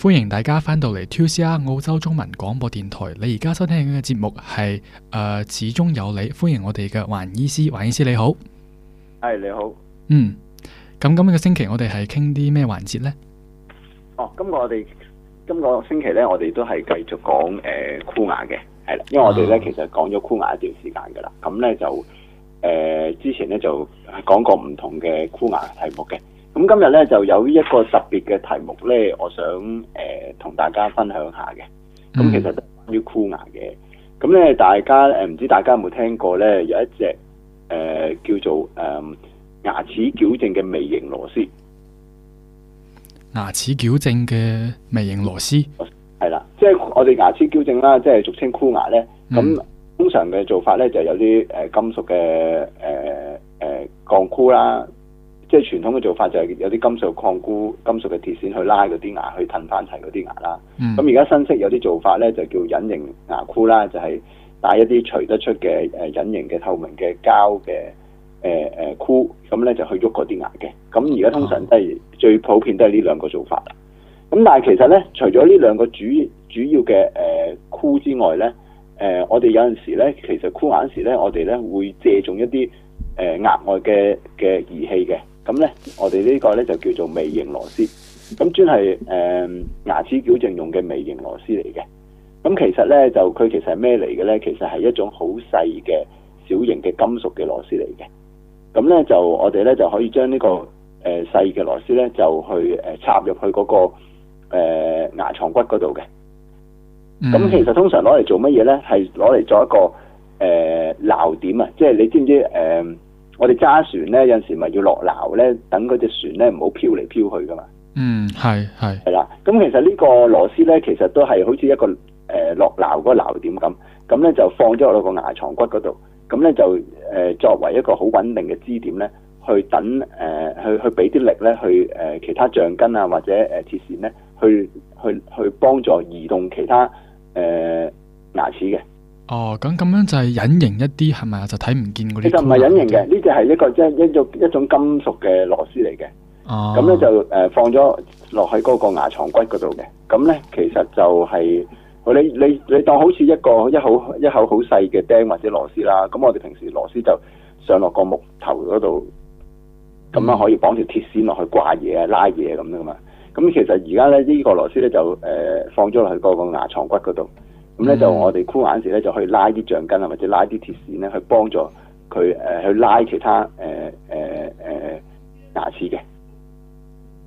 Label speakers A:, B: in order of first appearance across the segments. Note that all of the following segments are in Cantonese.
A: 歡迎大家翻到嚟 2CR 澳洲中文廣播電台。你而家收聽緊嘅節目係誒、呃、始終有你，歡迎我哋嘅尹醫師。尹醫師你好，係你好。嗯，咁今個星期我哋係傾啲咩環節呢？哦，
B: 今個我哋今個星期咧，我哋都係繼續講誒箍牙嘅，係、呃、啦，因為我哋咧其實講咗箍牙一段時間噶啦，咁咧就誒、呃、之前咧就講過唔同嘅箍牙題目嘅。咁今日咧就有一個特別嘅題目咧，我想誒、呃、同大家分享下嘅。咁其實關於箍牙嘅。咁咧大家誒唔知大家有冇聽過咧？有一隻誒、呃、叫做誒牙齒矯正嘅微型螺絲。
A: 牙齒矯正嘅微型螺絲。係
B: 啦，即係、就是、我哋牙齒矯正啦，即、就、係、是、俗稱箍牙咧。咁、嗯、通常嘅做法咧，就有啲誒、呃、金屬嘅誒誒鋼箍啦。即係傳統嘅做法就係有啲金屬抗箍、金屬嘅鐵線去拉嗰啲牙去褪翻齊嗰啲牙啦。咁而家新式有啲做法咧就叫隱形牙箍啦，就係、是、戴一啲除得出嘅誒隱形嘅透明嘅膠嘅誒誒箍，咁咧就去喐嗰啲牙嘅。咁而家通常都係、哦、最普遍都係呢兩個做法。咁但係其實咧，除咗呢兩個主主要嘅誒、呃、箍之外咧，誒、呃、我哋有陣時咧，其實箍牙時咧，我哋咧會借重一啲誒、呃、額外嘅嘅儀器嘅。呢個咧就叫做微型螺絲，咁專係誒、呃、牙齒矯正用嘅微型螺絲嚟嘅。咁其實咧就佢其實係咩嚟嘅咧？其實係一種好細嘅小型嘅金屬嘅螺絲嚟嘅。咁咧就我哋咧就可以將呢、這個誒、呃、細嘅螺絲咧就去誒、呃、插入去嗰、那個、呃、牙床骨嗰度嘅。
C: 咁、嗯、其
B: 實通常攞嚟做乜嘢咧？係攞嚟做一個誒錨、呃、點啊！即係你知唔知誒？呃我哋揸船咧，有陣時咪要落錨咧，等嗰隻船咧唔好漂嚟漂去㗎嘛。嗯。
C: 嗯，係係
B: 係啦。咁其實呢個螺絲咧，其實都係好似一個誒落錨嗰個錨點咁，咁咧就放咗落個牙床骨嗰度，咁咧就誒、呃、作為一個好穩定嘅支點咧，去等誒去去俾啲力咧，去誒、呃、其他橡筋啊或者誒、呃、鐵線咧，去去去幫助移動其他誒、呃呃、牙齒嘅。
A: 哦，咁咁樣就係隱形一啲係咪啊？就睇唔見嗰啲。其實唔係隱形嘅，
B: 呢只係一個即係一種一種金屬嘅螺絲嚟嘅。哦、啊。咁咧就誒放咗落喺嗰個牙床骨嗰度嘅。咁咧其實就係、是，你你你當好似一個一口一口好細嘅釘或者螺絲啦。咁我哋平時螺絲就上落個木頭嗰度，咁樣可以綁條鐵線落去掛嘢啊、拉嘢咁樣嘛。咁其實而家咧呢、這個螺絲咧就誒、呃、放咗落去嗰個牙床骨嗰度。咁咧、嗯、就我哋箍牙時咧，就可以拉啲橡筋啊，或者拉啲鐵線咧，去幫助佢誒去拉其他誒誒誒牙齒嘅。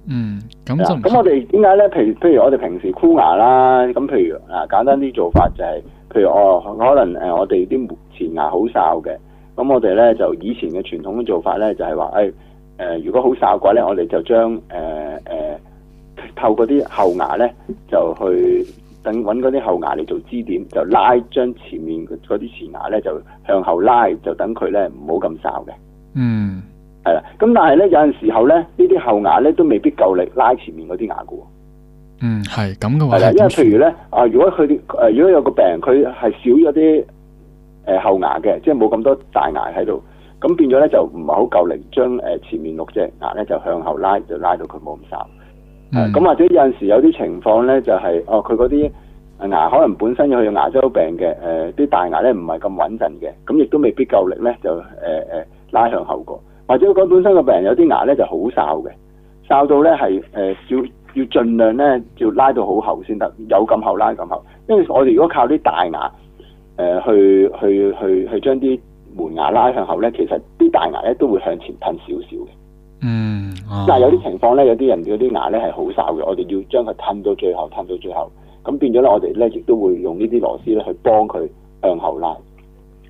C: 嗯，咁
B: 咁、嗯、我哋點解咧？譬如譬如我哋平時箍牙啦，咁譬如嗱簡單啲做法就係、是，譬如哦可能誒我哋啲前牙好哨嘅，咁、嗯、我哋咧就以前嘅傳統嘅做法咧、就是，就係話誒誒如果好哨嘅話咧，我哋就將誒誒、呃呃、透過啲後牙咧就去。等揾嗰啲後牙嚟做支點，就拉將前面嗰啲前牙咧就向後拉，就等佢咧唔好咁哨嘅。
C: 嗯，
B: 係啦。咁但係咧有陣時候咧，呢啲後牙咧都未必夠力拉前面嗰啲牙嘅喎。
C: 嗯，
A: 係咁嘅話咧，因為譬如咧
B: 啊、呃，如果佢誒、呃、如果有個病，佢係少咗啲誒後牙嘅，即係冇咁多大牙喺度，咁變咗咧就唔係好夠力將誒前面六隻牙咧就向後拉，就拉到佢冇咁哨。咁、mm hmm. 啊、或者有陣時有啲情況咧，就係、是、哦佢嗰啲牙可能本身有佢牙周病嘅，誒、呃、啲大牙咧唔係咁穩陣嘅，咁亦都未必夠力咧就誒誒、呃、拉向後過，或者講本身個病人有啲牙咧就好哨嘅，哨到咧係誒要要盡量咧要拉到好後先得，有咁後拉咁後，因為我哋如果靠啲大牙誒、呃、去去去去，去，去將啲門牙拉向後咧，其實啲大牙咧都會向前褪少少嘅。嗯，但、哦、係有啲情況咧，有啲人嗰啲牙咧係好哨嘅，我哋要將佢褪到最後，褪到最後，咁變咗咧，我哋咧亦都會用呢啲螺絲咧去幫佢向後拉。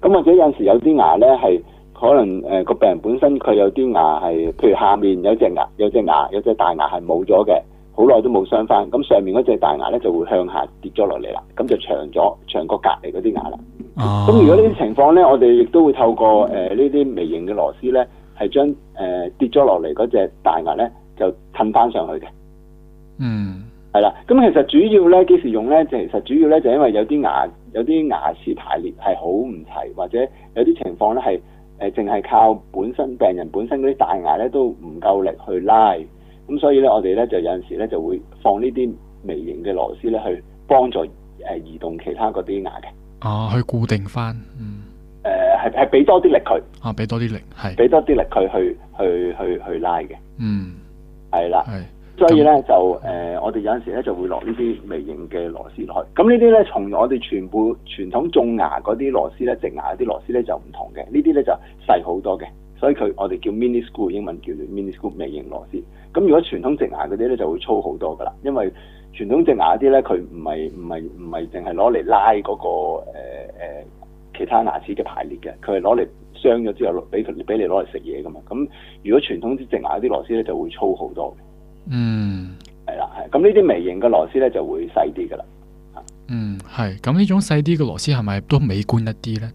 B: 咁或者有時有啲牙咧係可能誒個、呃、病人本身佢有啲牙係，譬如下面有隻牙、有隻牙、有隻大牙係冇咗嘅，好耐都冇鑲返。咁上面嗰隻大牙咧就會向下跌咗落嚟啦，咁就長咗長過隔離嗰啲牙啦。
C: 咁、哦、如果呢
B: 啲情況咧，我哋亦都會透過誒呢啲微型嘅螺絲咧。係將誒、呃、跌咗落嚟嗰隻大牙咧，就襯翻上去嘅、嗯。嗯，係啦。咁其實主要咧幾時用咧？其實主要咧就因為有啲牙、有啲牙齒排列係好唔齊，或者有啲情況咧係誒淨係靠本身病人本身嗰啲大牙咧都唔夠力去拉。咁、嗯、所以咧我哋咧就有陣時咧就會放呢啲微型嘅螺絲咧去幫助誒移動其他嗰啲牙嘅。
A: 哦、啊，去固定翻。嗯。
B: 誒係係俾多啲力佢
A: 啊！俾多啲力係
B: 俾多啲力佢去去去去，去拉嘅。
C: 嗯，
B: 係啦的，係。所以咧就誒，我哋有陣時咧就會落呢啲微型嘅螺絲落去。咁呢啲咧，從我哋全部傳統種牙嗰啲螺絲咧，植牙啲螺絲咧就唔同嘅。呢啲咧就細好多嘅，所以佢我哋叫 mini screw，英文叫 mini screw 微型螺絲。咁如果傳統植牙嗰啲咧就會粗好多噶啦，因為傳統植牙啲咧佢唔係唔係唔係淨係攞嚟拉嗰、嗰個誒、呃呃其他牙齒嘅排列嘅，佢係攞嚟鑲咗之後，俾佢俾你攞嚟食嘢噶嘛。咁如果傳統啲直牙啲螺絲咧，就會粗好多。嗯，係啦，係。咁呢啲微型嘅螺絲咧，就會細啲噶啦。嗯，
A: 係。咁呢種細啲嘅螺絲係咪都美觀一啲
B: 咧？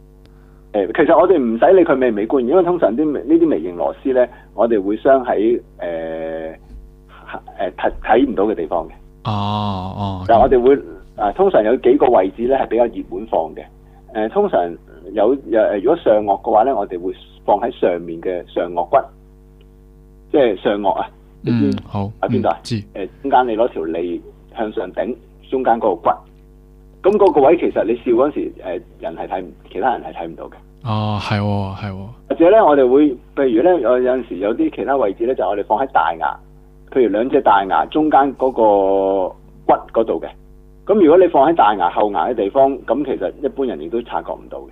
B: 誒，其實我哋唔使理佢美唔美觀，因為通常啲呢啲微型螺絲咧，我哋會鑲喺誒誒睇睇唔到嘅地方嘅。
C: 哦哦、啊。啊、
B: 但係我哋會誒、嗯啊，通常有幾個位置咧係比較熱門放嘅。誒通常有誒誒，如果上顎嘅話咧，我哋會放喺上面嘅上顎骨，即係上顎啊。嗯，好。喺邊度啊？知。誒中間你攞條脷向上頂，中間嗰個骨。咁、那、嗰個位其實你笑嗰陣時，人係睇唔，其他人係睇唔到嘅。
A: 哦，係喎、哦，係喎、
B: 哦。或者咧，我哋會譬如咧，有有陣時有啲其他位置咧，就係、我哋放喺大牙，譬如兩隻大牙中間嗰個骨嗰度嘅。咁如果你放喺大牙、後牙嘅地方，咁其實一般人亦都察覺唔到嘅、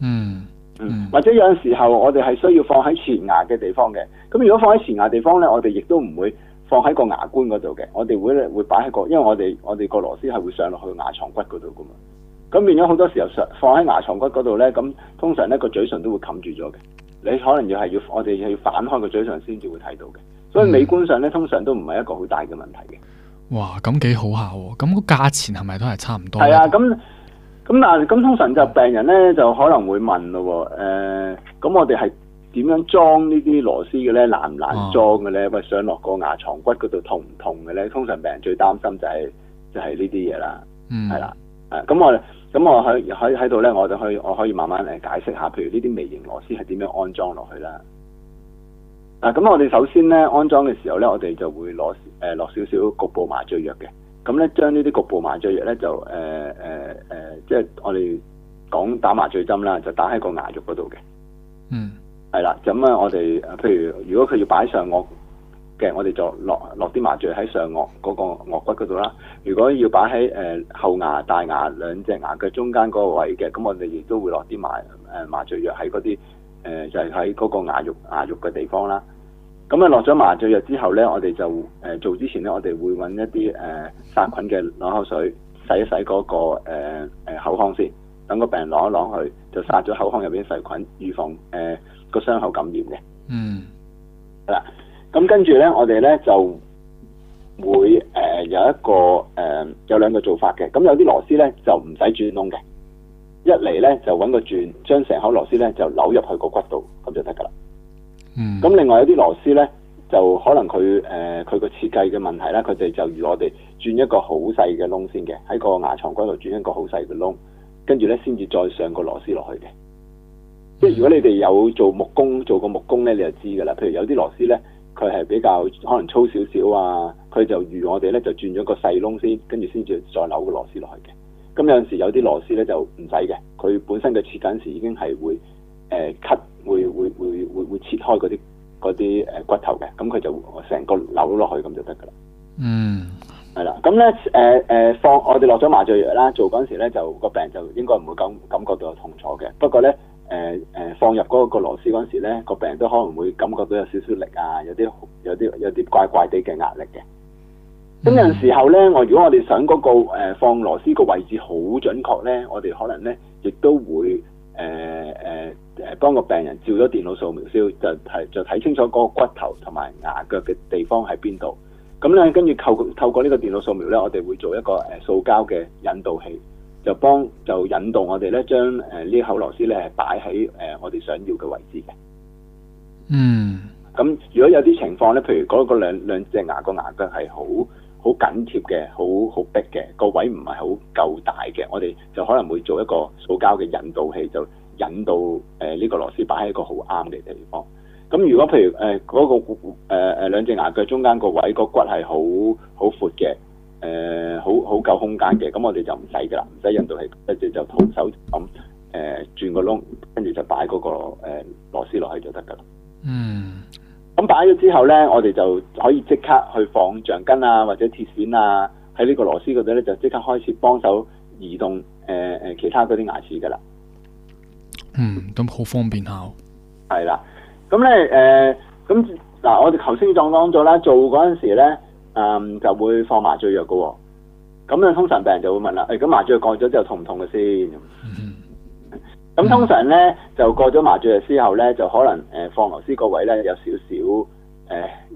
B: 嗯。嗯
C: 嗯，
B: 或者有陣時候我哋係需要放喺前牙嘅地方嘅。咁如果放喺前牙地方咧，我哋亦都唔會放喺個牙冠嗰度嘅。我哋會會擺喺、個，因為我哋我哋個螺絲係會上落去牙床骨嗰度噶嘛。咁變咗好多時候上放喺牙床骨嗰度咧，咁通常咧個嘴唇都會冚住咗嘅。你可能要係要我哋要反開個嘴唇先至會睇到嘅。所以美觀上咧，通常都唔係一個好大嘅問題嘅。嗯。
A: 哇，咁幾好下喎！咁個價錢係咪都係差唔多咧？係啊，
B: 咁咁嗱，咁通常就病人咧就可能會問咯喎，誒、呃，咁我哋係點樣裝呢啲螺絲嘅咧？難唔難裝嘅咧？喂，上落個牙床骨嗰度痛唔痛嘅咧？通常病人最擔心就係、係、就係呢啲嘢啦，係啦、嗯，啊，咁我咁我喺喺喺度咧，我哋可以我可以，我可以慢慢嚟解釋下，譬如呢啲微型螺絲係點樣安裝落去啦。嗱，咁、啊、我哋首先咧，安裝嘅時候咧，我哋就會攞誒落少少局部麻醉藥嘅。咁咧，將呢啲局部麻醉藥咧就誒誒誒，即係我哋講打麻醉針啦，就打喺個牙肉嗰度嘅。嗯。係啦，咁啊，我哋譬如如果佢要擺上顎嘅，我哋就落落啲麻醉喺上顎嗰、那個顎骨嗰度啦。如果要擺喺誒後牙大牙兩隻牙嘅中間嗰個位嘅，咁我哋亦都會落啲麻誒、呃、麻醉藥喺嗰啲。誒、呃、就係喺嗰個牙肉牙肉嘅地方啦。咁啊落咗麻醉藥之後咧，我哋就誒、呃、做之前咧，我哋會揾一啲誒、呃、殺菌嘅漱口水洗一洗嗰、那個誒、呃、口腔先，等個病人漱一漱去，就殺咗口腔入邊啲細菌，預防誒個、呃、傷口感染嘅。嗯。好啦，咁跟住咧，我哋咧就會誒、呃、有一個誒、呃、有兩個做法嘅。咁有啲螺絲咧就唔使轉窿嘅。一嚟咧就揾個鑽，將成口螺絲咧就扭入去個骨度，咁就得噶啦。咁、嗯、另外有啲螺絲咧，就可能佢誒佢個設計嘅問題啦，佢哋就如我哋鑽一個好細嘅窿先嘅，喺個牙床骨度鑽一個好細嘅窿，跟住咧先至再上個螺絲落去嘅。即係、嗯、如果你哋有做木工，做個木工咧，你就知噶啦。譬如有啲螺絲咧，佢係比較可能粗少少啊，佢就如我哋咧就鑽咗個細窿先，跟住先至再扭個螺絲落去嘅。咁有陣時有啲螺絲咧就唔使嘅，佢本身嘅切緊時已經係會誒 cut，誒、會會會、會切開嗰啲嗰啲誒骨頭嘅，咁佢就成個扭落去咁就得㗎啦。嗯，係啦，咁咧誒誒放我哋落咗麻醉藥啦，做嗰陣時咧就個病人就應該唔會感感覺到有痛楚嘅。不過咧誒誒放入嗰個螺絲嗰陣時咧，個病人都可能會感覺到有少少力啊，有啲有啲有啲怪怪哋嘅壓力嘅。咁有陣時候咧，我、嗯、如果我哋想嗰個放螺絲個位置好準確咧，我哋可能咧亦都會誒誒誒幫個病人照咗電腦掃描，消就睇就睇清楚嗰個骨頭同埋牙腳嘅地方喺邊度。咁咧跟住透透過呢個電腦掃描咧，我哋會做一個誒塑膠嘅引導器，就幫就引導我哋咧將誒呢口螺絲咧係擺喺誒我哋想要嘅位置嘅。
C: 嗯，
B: 咁、嗯、如果有啲情況咧，譬如嗰個兩兩隻牙個牙腳係好。好緊貼嘅，好好逼嘅個位唔係好夠大嘅，我哋就可能會做一個塑膠嘅引導器，就引導誒呢、呃這個螺絲擺喺一個好啱嘅地方。咁如果譬如誒嗰、呃那個誒誒、呃、兩隻牙腳中間個位個骨係好好闊嘅，誒好好夠空間嘅，咁我哋就唔使㗎啦，唔使引導器，直就徒手咁誒、呃、轉個窿，跟住就擺嗰、那個、呃、螺絲落去就得㗎啦。嗯。咁擺咗之後咧，我哋就可以即刻去放橡筋啊，或者鐵線啊，喺呢個螺絲嗰度咧就即刻開始幫手移動誒誒、呃、其他嗰啲牙齒噶啦、嗯
A: 啊呃。嗯，咁好方便下。
B: 係啦，咁咧誒，咁嗱，我哋頭先撞講咗啦，做嗰陣時咧，誒就會放麻醉藥嘅喎。咁樣通常病人就會問啦，誒、哎、咁麻醉藥過咗之後痛唔痛嘅先？嗯。咁通常咧就過咗麻醉藥之後咧，就可能誒、呃、放螺絲個位咧有少少誒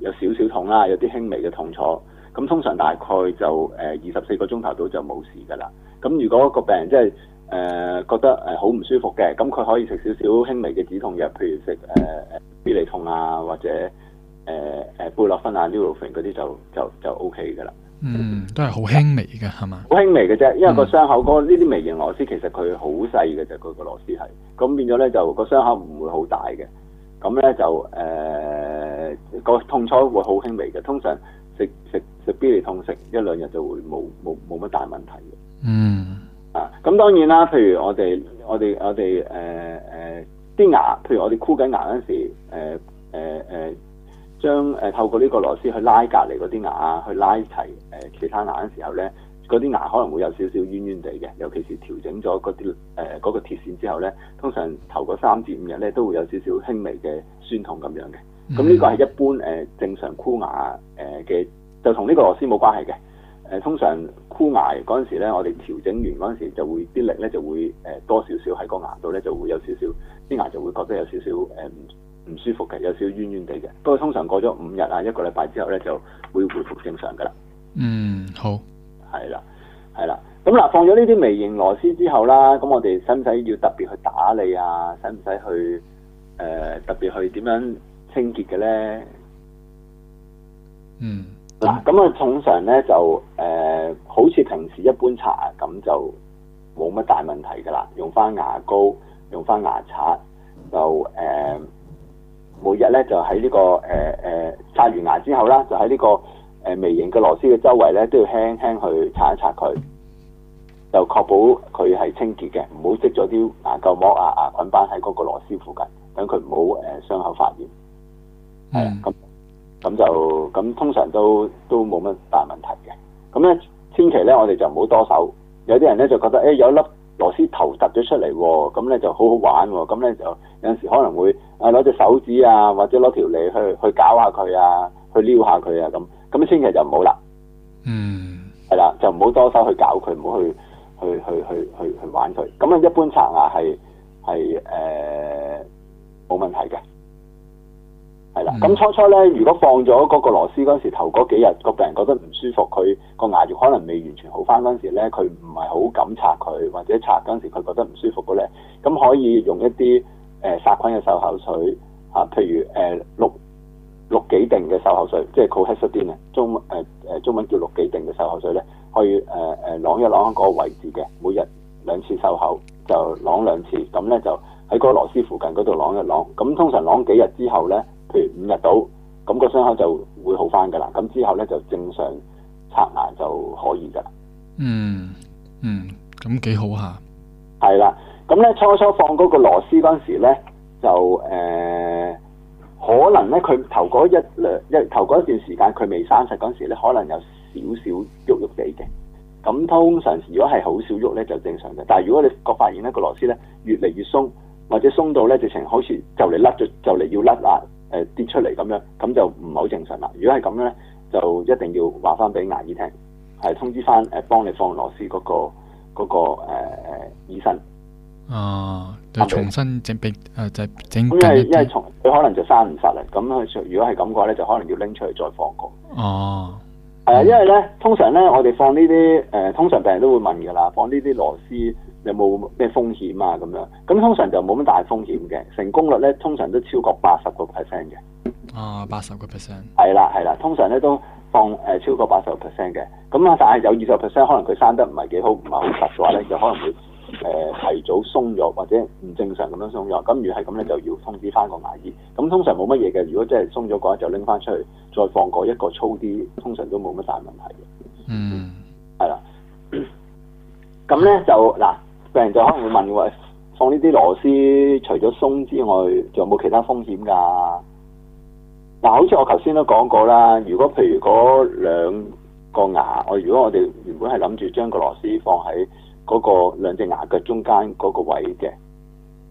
B: 有少少痛啦，有啲輕微嘅痛楚。咁通常大概就誒二十四個鐘頭到，就冇事㗎啦。咁如果個病人即係誒覺得誒好唔舒服嘅，咁佢可以食少少輕微嘅止痛藥，譬如食誒誒必理痛啊，或者誒誒、呃、布洛芬啊、Nurofen 嗰啲就就就 O K 㗎啦。
C: 嗯，都係好輕微
B: 嘅係嘛，好輕微嘅啫，嗯，因為個傷口嗰呢啲微型螺絲其實佢好細嘅啫，佢、個螺絲係，咁變咗咧就個傷口唔會好大嘅，咁咧就誒、呃個痛楚會好輕微嘅，通常食食食必理痛食一兩日就會冇冇冇乜大問題嘅。嗯，啊，咁當然啦，譬如我哋我哋我哋誒誒啲牙，譬如我哋箍緊牙嗰時，誒誒誒。呃呃呃將誒、呃、透過呢個螺絲去拉隔離嗰啲牙去拉齊誒、呃、其他牙嘅時候咧，嗰啲牙可能會有少少冤冤地嘅，尤其是調整咗嗰啲誒嗰個鐵線之後咧，通常頭個三至五日咧都會有少少輕微嘅酸痛咁樣嘅。
C: 咁呢、嗯、個係一
B: 般誒、呃、正常箍牙誒嘅，就同呢個螺絲冇關係嘅。誒、呃、通常箍牙嗰陣時咧，我哋調整完嗰陣時就會啲力咧就會誒、呃、多少少喺個牙度咧就會有少少啲牙就會覺得有少少誒。嗯嗯唔舒服嘅，有少少冤冤地嘅。不過通常過咗五日啊，一個禮拜之後咧，就會回復正常噶啦。嗯，
C: 好，
B: 係啦，係啦。咁嗱，放咗呢啲微型螺絲之後啦，咁我哋使唔使要特別去打理啊？使唔使去誒、呃、特別去點樣清潔嘅咧？嗯，嗱，咁啊，通常咧就誒、呃，好似平時一般刷牙咁就冇乜大問題噶啦。用翻牙膏，用翻牙刷就誒。呃嗯每日咧就喺呢個誒誒刷完牙之後啦，就喺呢個誒微型嘅螺絲嘅周圍咧都要輕輕去擦一擦佢，就確保佢係清潔嘅，唔好積咗啲牙垢膜啊、牙菌斑喺嗰個螺絲附近，等佢唔好誒傷口發炎。係咁咁就咁通常都都冇乜大問題嘅。咁咧千祈咧我哋就唔好多手。有啲人咧就覺得誒、欸、有一粒螺絲頭凸咗出嚟喎、哦，咁咧就好好玩喎、哦，咁咧就有陣時可能會。啊！攞隻手指啊，或者攞條脷去去，去搞下佢啊，去撩下佢啊咁咁，千祈就唔好啦。嗯，係啦，就唔好多手去搞佢，唔好去去去去去去玩佢。咁啊，一般刷牙係係誒冇問題嘅。係啦，咁、嗯、初初咧，如果放咗嗰個螺絲嗰時頭嗰幾日，個病人覺得唔舒服，佢個牙肉可能未完全好返嗰時咧，佢唔係好敢刷佢，或者刷嗰陣時佢覺得唔舒服嘅咧，咁可以用一啲。誒、呃、殺菌嘅漱口水嚇、啊，譬如誒氯氯己定嘅漱口水，即係 chlorhexidine 嘅，中誒誒中文叫氯己定嘅漱口水咧，可以誒誒攣一攣嗰個位置嘅，每日兩次漱口，就攣兩次，咁咧就喺嗰個螺絲附近嗰度攣一攣，咁通常攣幾日之後咧，譬如五日到，咁個傷口就會好翻㗎啦，咁之後咧就正常刷牙就可以㗎、嗯。嗯嗯，
A: 咁幾好嚇。
B: 係啦。咁咧，初初放嗰個螺絲嗰陣時咧，就誒、呃、可能咧，佢頭嗰一兩一頭嗰一段時間佢未生出嗰陣時咧，可能有少少喐喐地嘅。咁通常如果係好少喐咧，就正常嘅。但係如果你個發現咧個螺絲咧越嚟越鬆，或者鬆到咧直情好似就嚟甩咗，就嚟要甩啦，誒跌、呃、出嚟咁樣，咁就唔係好正常啦。如果係咁樣咧，就一定要話翻俾牙醫聽，係通知翻誒幫你放螺絲嗰、嗰個嗰、嗰個誒、嗰個呃、醫生。
C: 哦，就重
A: 新整俾，誒、嗯呃、就是、整緊。因為因為
B: 從佢可能就生唔實啦，咁佢如果係咁嘅話咧，就可能要拎出去再放過。哦，係啊，因為咧通常咧我哋放呢啲誒，通常病人都會問噶啦，放呢啲螺絲有冇咩風險啊？咁樣，咁通常就冇乜大風險嘅，成功率咧通常都超過八十個 percent 嘅。
A: 哦，八十個
B: percent。係啦係啦，通常咧都放誒、呃、超過八十個 percent 嘅，咁啊但係有二十 percent 可能佢生得唔係幾好，唔係好實嘅話咧，就可能會。誒、呃、提早鬆咗或者唔正常咁樣鬆咗，咁如果係咁咧，就要通知翻個牙醫。咁通常冇乜嘢嘅，如果真係鬆咗嘅話，就拎翻出去再放過一個粗啲，通常都冇乜大問題嘅。嗯，係啦。咁咧就嗱，病人就可能會問喂、哎，放呢啲螺絲，除咗鬆之外，仲有冇其他風險㗎？嗱，好似我頭先都講過啦，如果譬如嗰兩個牙，我如果我哋原本係諗住將個螺絲放喺，嗰個兩隻牙腳中間嗰個位嘅，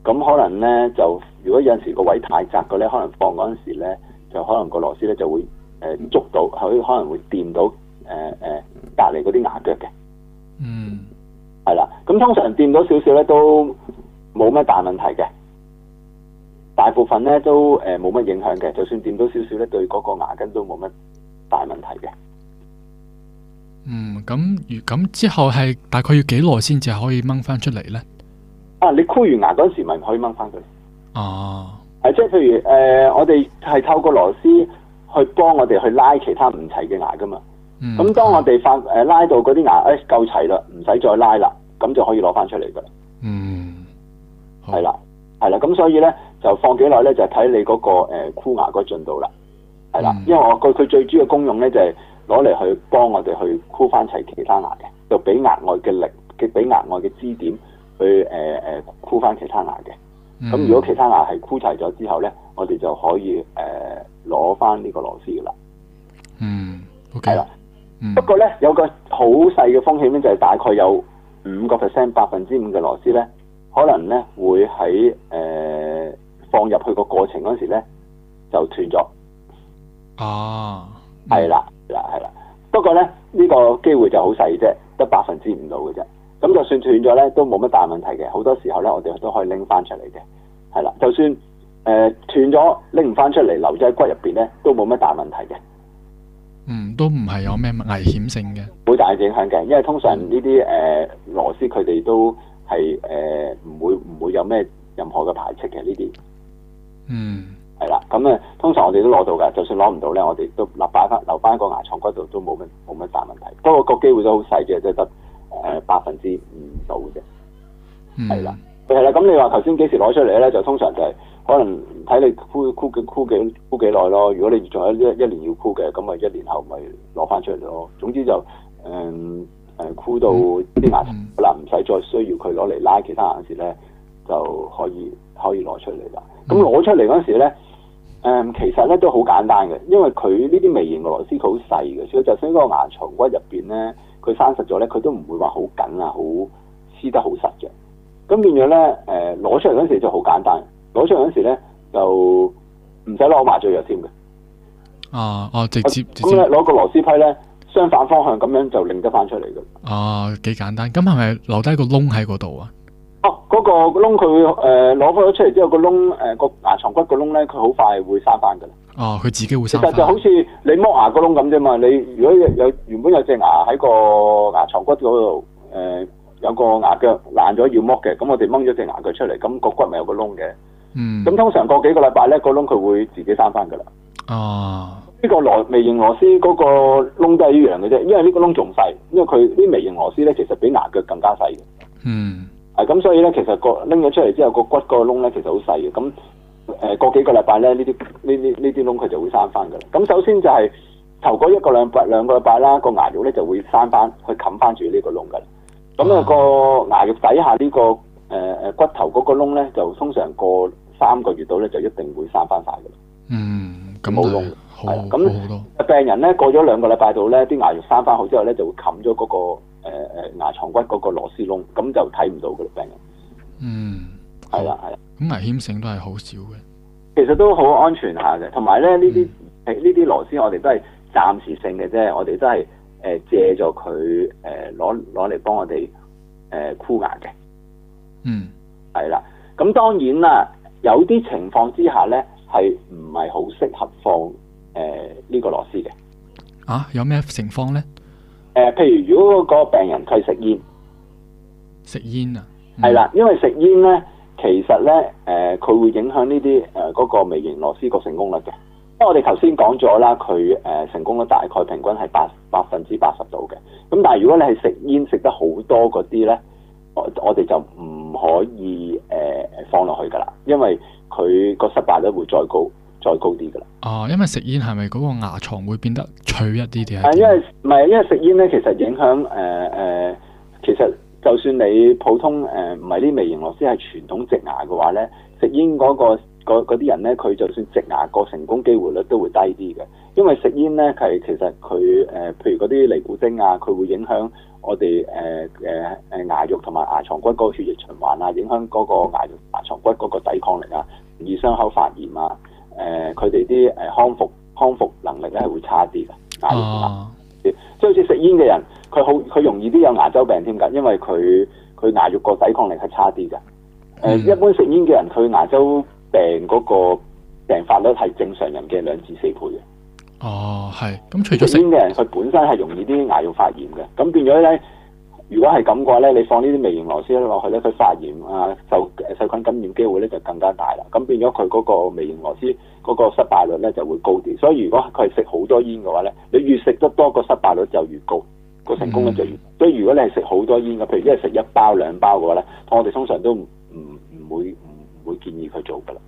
B: 咁可能咧就，如果有陣時個位太窄嘅咧，可能放嗰陣時咧，就可能個螺絲咧就會誒、呃、捉到，佢可能會掂到誒誒隔離嗰啲牙腳嘅。
C: 嗯。
B: 係啦，咁通常掂到少少咧都冇乜大問題嘅，大部分咧都誒冇乜影響嘅，就算掂到少少咧對嗰個牙根都冇乜大問題嘅。
A: 嗯，咁如咁之後係大概要幾耐先至可以掹翻出嚟咧？
B: 啊，你箍完牙嗰時咪唔可以掹翻佢？哦、啊，係、啊、即係譬如誒、呃，我哋係透過螺絲去幫我哋去拉其他唔齊嘅牙噶嘛。
C: 咁、嗯、當
B: 我哋發誒、嗯、拉到嗰啲牙夠齊，誒夠齊啦，唔使再拉啦，咁就可以攞翻出嚟噶啦。嗯，係啦，係啦，咁所以咧就放幾耐咧，就睇你嗰個誒箍牙嗰進度啦。係啦，因為我佢佢、嗯、最主要功用咧就係、是。攞嚟去幫我哋去箍翻齊其他牙嘅，就俾額外嘅力嘅，俾額外嘅支點去誒誒箍翻其他牙嘅。
C: 咁、嗯、如果其
B: 他牙係箍齊咗之後咧，我哋就可以誒攞翻呢個螺絲噶啦。嗯，OK，係啦。嗯、不過咧，有個好細嘅風險咧，就係大概有五個 percent 百分之五嘅螺絲咧，可能咧會喺誒、呃、放入去個過程嗰時咧就斷咗。哦、啊，係、嗯、啦。啦，係啦，不過咧呢、呢個機會就好細啫，得百分之五度嘅啫。咁、嗯、就算斷咗咧，都冇乜大問題嘅。好多時候咧，我哋都可以拎翻出嚟嘅。係啦，就算誒、呃、斷咗拎唔翻出嚟，留咗喺骨入邊咧，都冇乜大問題嘅。
A: 嗯，都唔係有咩危險性嘅，
B: 冇大影響嘅。因為通常呢啲誒螺絲佢哋都係誒唔會唔會有咩任何嘅排斥嘅呢啲。嗯。係啦，咁啊，通常我哋都攞到㗎，就算攞唔到咧，我哋都立擺翻留翻個牙床骨度，都冇乜冇乜大問題。不過個機會都好細嘅，即係得誒百分之五到啫。係啦，係啦、嗯，咁你話頭先幾時攞出嚟咧？就通常就係、是、可能睇你箍箍幾箍幾耐咯。如果你仲有一一年要箍嘅，咁咪一年後咪攞翻出嚟咯。總之就誒誒箍到啲牙啦，唔使、嗯、再需要佢攞嚟拉其他牙時咧，就可以可以攞出嚟啦。咁攞、嗯、出嚟嗰時咧。誒、嗯，其實咧都好簡單嘅，因為佢呢啲微型嘅螺絲佢好細嘅，所以就算嗰個牙床骨入邊咧，佢生實咗咧，佢都唔會話好緊啊，好黐得好實嘅。咁變咗咧，誒、呃、攞出嚟嗰陣時就好簡單，攞出嚟嗰陣時咧就唔使攞麻醉藥添嘅、
A: 啊。啊，哦，直接咁咧攞
B: 個螺絲批咧，相反方向咁樣就拎得翻出嚟嘅。
A: 哦、啊，幾簡單。咁係咪留低個窿喺嗰度啊？
B: 個窿佢誒，攞翻咗出嚟之後，個窿誒、個牙床骨個窿咧，佢好快會生翻噶啦。
A: 哦，佢自己會生翻。其實就好似
B: 你剝牙個窿咁啫嘛。你如果有原本有隻牙喺個牙床骨嗰度，誒、呃、有個牙腳爛咗要剝嘅，咁我哋掹咗隻牙腳出嚟，咁、個骨咪有個窿嘅。
C: 嗯。咁
B: 通常過幾個禮拜咧，個窿佢會自己生翻噶啦。
C: 哦。
B: 呢個螺微型螺絲嗰個窿都係一樣嘅啫，因為呢個窿仲細，因為佢啲微型螺絲咧，其實比牙腳更加細。嗯。咁、嗯、所以咧，其實個拎咗出嚟之後，骨個骨嗰個窿咧，其實好細嘅。咁、嗯、誒過幾個禮拜咧，呢啲呢呢呢啲窿佢就會生翻㗎啦。咁首先就係、是、頭嗰一個兩拜兩個禮拜啦，個牙肉咧就會生翻去冚翻住呢個窿㗎啦。咁、嗯、啊個牙肉底下呢、這個誒誒、呃、骨頭嗰個窿咧，就通常過三個月到咧，就一定會生翻曬㗎啦。嗯，
C: 咁冇窿，好
B: 咁病人咧過咗兩個禮拜度咧，啲牙肉生翻好之後咧，就會冚咗嗰個。誒誒、呃，牙床骨嗰個螺絲窿，咁就睇唔到佢病人。嗯，係啦，係啦，
A: 咁危險性都係好少嘅。
B: 其實都好安全下嘅，同埋咧呢啲呢啲螺絲，我哋都係暫時性嘅啫，呃、我哋都係誒借咗佢誒攞攞嚟幫我哋誒箍牙嘅。嗯，係啦，咁當然啦，有啲情況之下咧係唔係好適合放誒呢、呃，這個螺絲嘅。
A: 啊，有咩情況咧？
B: 誒、呃，譬如如果嗰個病人佢食煙，
A: 食煙啊，
B: 係、嗯、啦，因為食煙咧，其實咧，誒、呃，佢會影響呢啲誒嗰個微型螺絲個成功率嘅。因為我哋頭先講咗啦，佢誒、呃、成功率大概平均係八百分之八十度嘅。咁但係如果你係食煙食得好多嗰啲咧，我我哋就唔可以誒、呃、放落去㗎啦，因為佢個失敗率會再高。再
A: 高啲噶啦。哦、啊，因為食煙係咪嗰個牙床會變得脆一啲啲？係、啊、因
B: 為唔係因為食煙咧，其實影響誒誒、呃呃，其實就算你普通誒唔係啲微型螺絲係傳統植牙嘅話咧，食煙嗰、嗰個嗰啲人咧，佢就算植牙個成功機會率都會低啲嘅。因為食煙咧係其實佢誒、呃，譬如嗰啲尼古丁啊，佢會影響我哋誒誒誒牙肉同埋牙床骨嗰個血液循環啊，影響嗰個牙肉牙牀骨嗰個抵抗力啊，容易傷口發炎啊。誒佢哋啲誒康復康復能力咧係會差啲嘅，
C: 牙肉
B: 啊，即係好似食煙嘅人，佢好佢容易啲有牙周病添㗎，因為佢佢牙肉個抵抗力係差啲㗎。誒、呃嗯、一般食煙嘅人，佢牙周病嗰個病發率係正常人嘅兩至四倍嘅。
C: 哦，係。咁
B: 除咗食煙嘅人，佢本身係容易啲牙肉發炎嘅，咁變咗咧。如果係咁嘅話咧，你放呢啲微型螺絲落去咧，佢發炎啊，就細、啊、菌感染機會咧就更加大啦。咁變咗佢嗰個微型螺絲嗰、嗰個失敗率咧就會高啲。所以如果佢係食好多煙嘅話咧，你越食得多，個失敗率就越高，個成功率就越。嗯、所以如果你係食好多煙嘅，譬如一係食一包兩包嘅話咧，我哋通常都唔唔會唔會建議佢做㗎啦。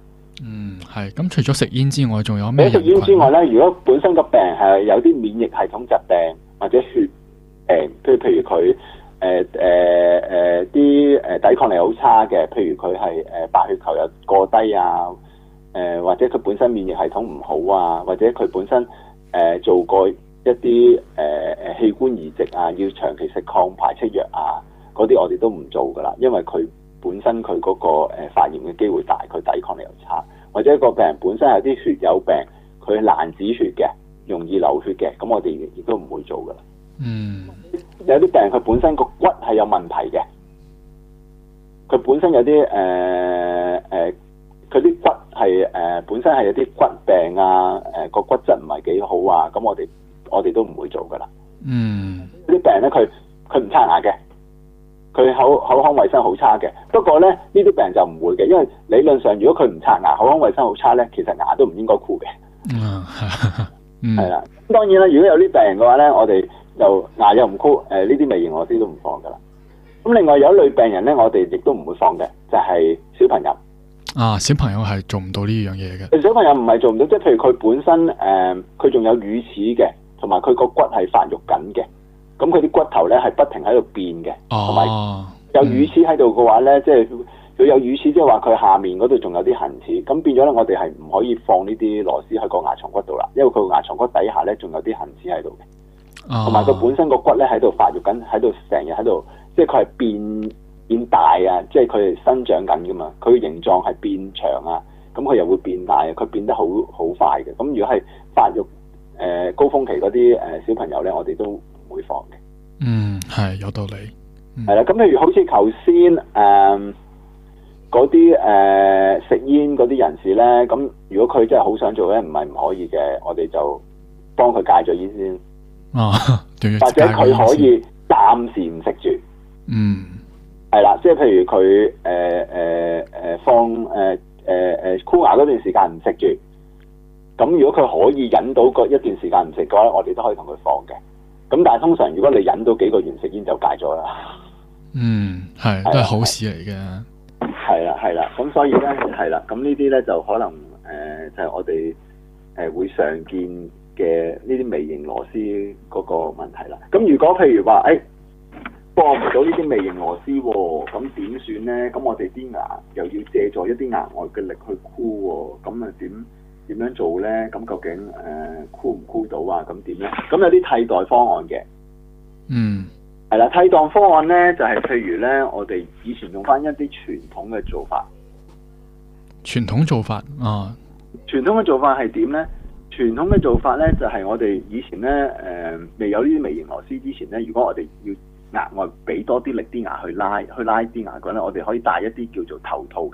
B: 嗯，
A: 係。咁除咗食煙之外，仲有咩人群？除咗食煙之外咧，如果
B: 本身個病係有啲免疫系統疾病或者血病，譬如譬、譬如佢。誒誒誒啲誒抵抗力好差嘅，譬如佢係誒白血球又過低啊，誒、呃、或者佢本身免疫系統唔好啊，或者佢本身誒、呃、做過一啲誒誒器官移植啊，要長期食抗排斥藥啊，嗰啲我哋都唔做噶啦，因為佢本身佢嗰個誒發炎嘅機會大，佢抵抗力又差，或者個病人本身有啲血友病，佢難止血嘅，容易流血嘅，咁我哋亦都唔會做噶啦。嗯。有啲病人佢本身個骨係有問題嘅，佢本身有啲誒誒，佢、呃、啲、呃、骨係誒、呃、本身係有啲骨病啊，誒、呃、個骨質唔係幾好啊，咁我哋我哋都唔會做㗎喇。嗯，啲病人咧，佢佢唔刷牙嘅，佢口口腔衛生好差嘅。不過咧，呢啲病人就唔會嘅，因為理論上如果佢唔刷牙、口腔衛生好差咧，其實牙都唔應該箍嘅。 嗯，係啦。當然啦，如果有啲病人嘅話咧，我哋。就牙又唔箍、呃，誒呢啲微型螺絲都唔放㗎啦。咁另外有一類病人咧，我哋亦都唔會放嘅，就係、是、小朋友
A: 啊。小朋友係做唔到呢樣嘢
B: 嘅。小朋友唔係做唔到，即係譬如佢本身誒，佢、呃、仲有乳齒嘅，同埋佢個骨係發育緊嘅。咁佢啲骨頭咧係不停喺度變嘅，
C: 同埋、啊、
B: 有乳齒喺度嘅話咧，嗯、即係佢有乳齒，即係話佢下面嗰度仲有啲恆齒，咁變咗咧，我哋係唔可以放呢啲螺絲喺個牙床骨度啦，因為佢個牙床骨底下咧仲有啲恆齒喺度。同埋佢本身個骨咧喺度發育緊，喺度成日喺度，即係佢係變變大啊！即係佢係生長緊㗎嘛。佢嘅形狀係變長啊，咁佢又會變大，佢變得好好快嘅。咁如果係發育誒、呃、高峰期嗰啲誒小朋友咧，我哋都唔會放嘅。
A: 嗯，係有道理，
B: 係、嗯、啦。咁例如好似頭先誒嗰啲誒食煙嗰啲人士咧，咁如果佢真係好想做咧，唔係唔可以嘅。我哋就幫佢戒咗煙先。
C: 哦，或者佢可以
B: 暫時唔食住，嗯，係啦，即係譬如佢誒誒誒放誒誒誒箍牙嗰段時間唔食住，咁如果佢可以忍到嗰一段時間唔食嘅話咧，我哋都可以同佢放嘅。咁但係通常如果你忍到幾個月食煙就戒咗啦。嗯，係，都係
C: 好事嚟嘅。
B: 係啦，係啦，咁所以咧，係啦，咁呢啲咧就可能誒、呃、就係、是、我哋誒會常見。嘅呢啲微型螺絲嗰個問題啦，咁如果譬如話，誒、哎，幫唔到呢啲微型螺絲喎、哦，咁點算呢？咁我哋啲牙又要借助一啲額外嘅力去箍喎、哦，咁啊點點樣做呢？咁究竟誒箍唔箍到啊？咁點呢？咁有啲替代方案嘅，嗯，係啦，替代方案呢，就係、是、譬如呢，我哋以前用翻一啲傳統嘅做法，
A: 傳統做法啊，
B: 傳統嘅做法係點呢？傳統嘅做法咧，就係、是、我哋以前咧，誒、呃、未有呢啲微型螺絲之前咧，如果我哋要額外俾多啲力啲牙去拉，去拉啲牙棍咧，我哋可以戴一啲叫做頭套嘅，
C: 誒、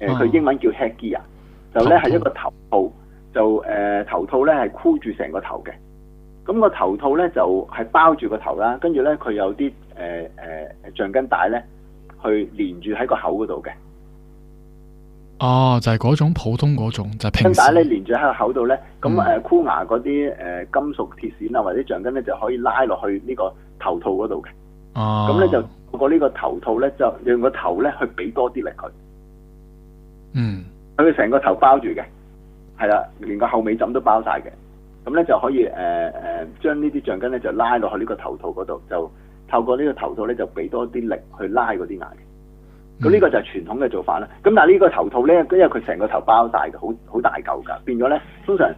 C: 呃、佢英
B: 文叫 headgear 就咧係一個頭套，就誒、呃、頭套咧係箍住成個頭嘅，咁、那個頭套咧就係、是、包住個頭啦，跟住咧佢有啲誒誒橡筋帶咧去連住喺個口嗰度嘅。
A: 哦，就係、是、嗰種普通嗰種，就是、平時。跟住咧，
B: 連住喺個口度咧，咁誒箍牙嗰啲誒金屬鐵線啊，或者橡筋咧就可以拉落去呢個頭套嗰度嘅。哦、
C: 啊。咁咧就
B: 透過呢個頭套咧，就用個頭咧去俾多啲力佢。嗯。佢成個頭包住嘅，係啦，連個後尾枕都包晒嘅。咁咧就可以誒誒，將、呃、呢啲橡筋咧就拉落去呢個頭套嗰度，就透過呢個頭套咧就俾多啲力去拉嗰啲牙。咁呢個就係傳統嘅做法啦。咁但係呢個頭套咧，因為佢成個頭包大嘅，好好大嚿噶，變咗咧，通常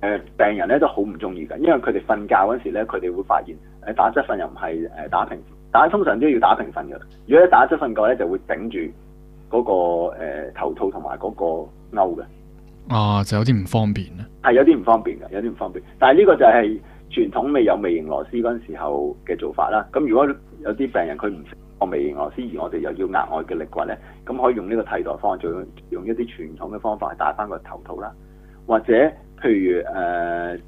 B: 誒病人咧都好唔中意嘅，因為佢哋瞓覺嗰時咧，佢哋會發現誒打側瞓又唔係誒打平，但係通常都要打平瞓嘅。如果打側瞓覺咧，就會頂住嗰、那個誒、呃、頭套同埋嗰個鈎嘅。
A: 啊，就有啲唔方便咧。
B: 係有啲唔方便嘅，有啲唔方便。但係呢個就係傳統未有微型螺絲嗰陣時候嘅做法啦。咁如果有啲病人佢唔～微型螺絲，而我哋又要額外嘅力骨咧，咁可以用呢個替代方案，做用一啲傳統嘅方法嚟，戴翻個頭套啦。或者，譬如誒，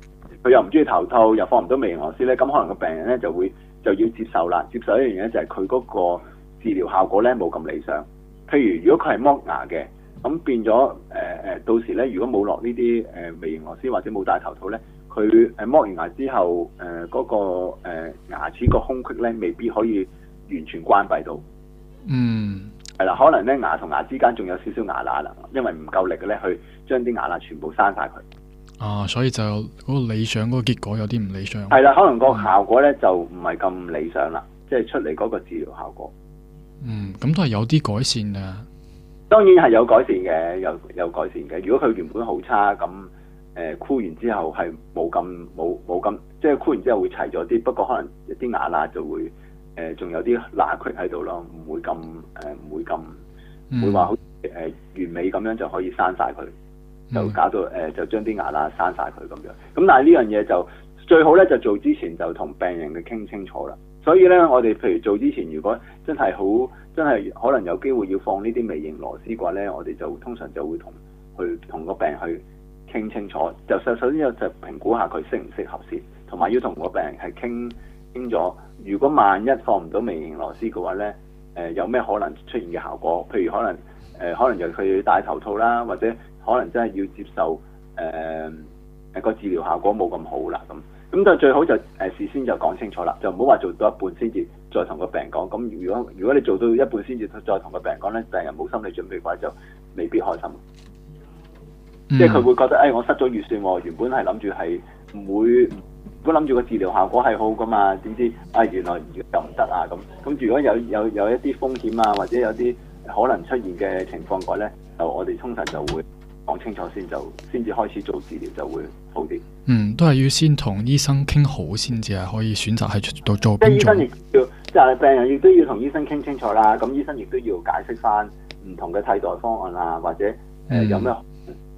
B: 佢又唔中意頭套，又放唔到微型螺絲咧，咁可能個病人咧就會就要接受啦。接受一樣嘢就係佢嗰個治療效果咧冇咁理想。譬如如果佢係剝牙嘅，咁變咗誒誒到時咧，如果冇落呢啲誒微型螺絲或者冇戴頭套咧，佢誒剝完牙之後誒嗰個誒牙齒個空隙咧未必可以。完全關閉到，
C: 嗯，
B: 係啦，可能咧牙同牙之間仲有少少牙罅啦，因為唔夠力嘅咧，去將啲牙罅全部刪晒佢。
A: 啊，所以就嗰個理想嗰個結果有啲唔理想。
B: 係啦，可能個效果咧、嗯、就唔係咁理想啦，即係出嚟嗰個治療效果。嗯，
A: 咁都係有啲改善㗎。
B: 當然係有改善嘅，有有改善嘅。如果佢原本好差咁，誒、呃、箍完之後係冇咁冇冇咁，即係箍完之後會齊咗啲，不過可能一啲牙罅就會。誒仲、呃、有啲罅隙喺度咯，唔會咁誒，唔、呃、會咁，唔、mm hmm. 會話好似誒、呃、完美咁樣就可以刪晒佢，mm hmm. 就搞到誒、呃、就將啲牙罅刪晒佢咁樣。咁但係呢樣嘢就最好咧，就做之前就同病人去傾清楚啦。所以咧，我哋譬如做之前，如果真係好真係可能有機會要放呢啲微型螺絲嘅話咧，我哋就通常就會同去同個病人去傾清楚。就首首先就就評估下佢適唔適合先，同埋要同個病人係傾。清楚，如果萬一放唔到微型螺絲嘅話呢，誒、呃、有咩可能出現嘅效果？譬如可能誒、呃，可能就佢戴頭套啦，或者可能真係要接受誒誒個治療效果冇咁好啦咁。咁但係最好就誒、呃、事先就講清楚啦，就唔好話做到一半先至再同個病講。咁如果如果你做到一半先至再同個病講呢，病人冇心理準備嘅話就未必開心。Mm
C: hmm. 即係佢會
B: 覺得誒、哎，我失咗預算喎，原本係諗住係唔會。如果諗住個治療效果係好噶嘛，點知啊、哎、原來又唔得啊咁咁。如果有有有一啲風險啊，或者有啲可能出現嘅情況嗰咧，就我哋通常就會講清楚先，就先至開始做治療就會好啲。
C: 嗯，都
A: 係要先同醫生傾好先至係可以選擇喺度做。即係醫生亦
B: 要，即係病人要都要同醫生傾清楚啦。咁醫生亦都要解釋翻唔同嘅替代方案啊，或者誒有咩？呃嗯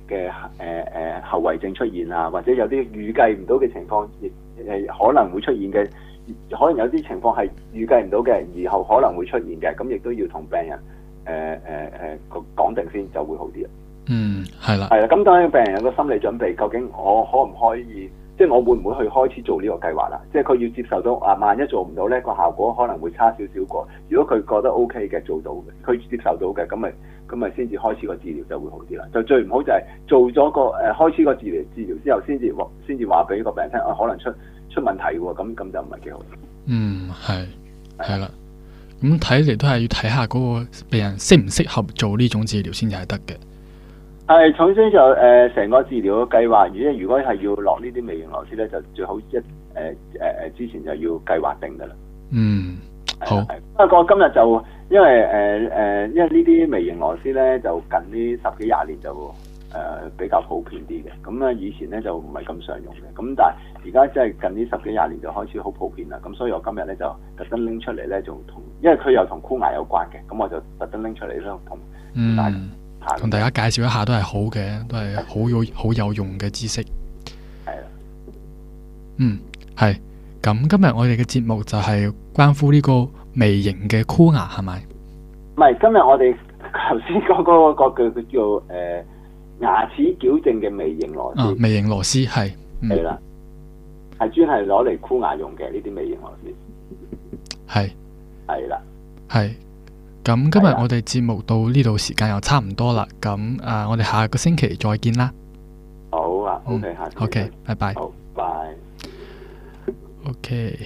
B: 嘅誒誒後遺症出現啊，或者有啲預計唔到嘅情況，亦誒可能會出現嘅，可能有啲情況係預計唔到嘅，以後可能會出現嘅，咁亦都要同病人誒誒誒講定先就會好啲啊。嗯，
C: 係啦，
B: 係啦，咁當然病人有個心理準備，究竟我可唔可以？即係我會唔會去開始做呢個計劃啦？即係佢要接受到啊，萬一做唔到呢個效果可能會差少少過。如果佢覺得 OK 嘅做到，佢接受到嘅，咁咪咁咪先至開始個治療就會好啲啦。就最唔好就係做咗個誒、呃、開始個治療治療之後，先至話先至話俾個病人聽、啊、可能出出問題喎。咁咁就唔係幾好。嗯，
C: 係係
A: 啦。咁睇嚟都係要睇下嗰個病人適唔適合做呢種治療先至係得
B: 嘅。係，總之就誒成、呃、個治療嘅計劃，如果如果係要落呢啲微型螺絲咧，就最好一誒誒誒之前就要計劃定㗎啦。嗯，好。係，不過今日就因為誒誒，因為呢啲、呃呃、微型螺絲咧就近呢十幾廿年就誒、呃、比較普遍啲嘅，咁咧以前咧就唔係咁常用嘅。咁但係而家即係近呢十幾廿年就開始好普遍啦。咁所以我今日咧就特登拎出嚟咧，就同因為佢又同箍牙有關嘅，咁我就特登拎出嚟咯，同大、嗯
A: 同大家介紹一下都係好嘅，都係好有好有用嘅知識。係啊。嗯，係。咁今日我哋嘅節目就係關乎呢個微型嘅箍牙係咪？唔係，今日我哋頭先講
B: 嗰個叫做叫誒牙齒矯正
A: 嘅微型螺絲。微型螺絲係。係
B: 啦。係專係攞嚟箍牙用嘅呢啲微
A: 型螺絲。係。係啦。係。咁今日我哋節目到呢度，時間又差唔多啦。咁啊，我哋下個星期再見啦。
C: 好啊，嗯，O K，下次
A: O K，拜拜。好，okay，拜。O K。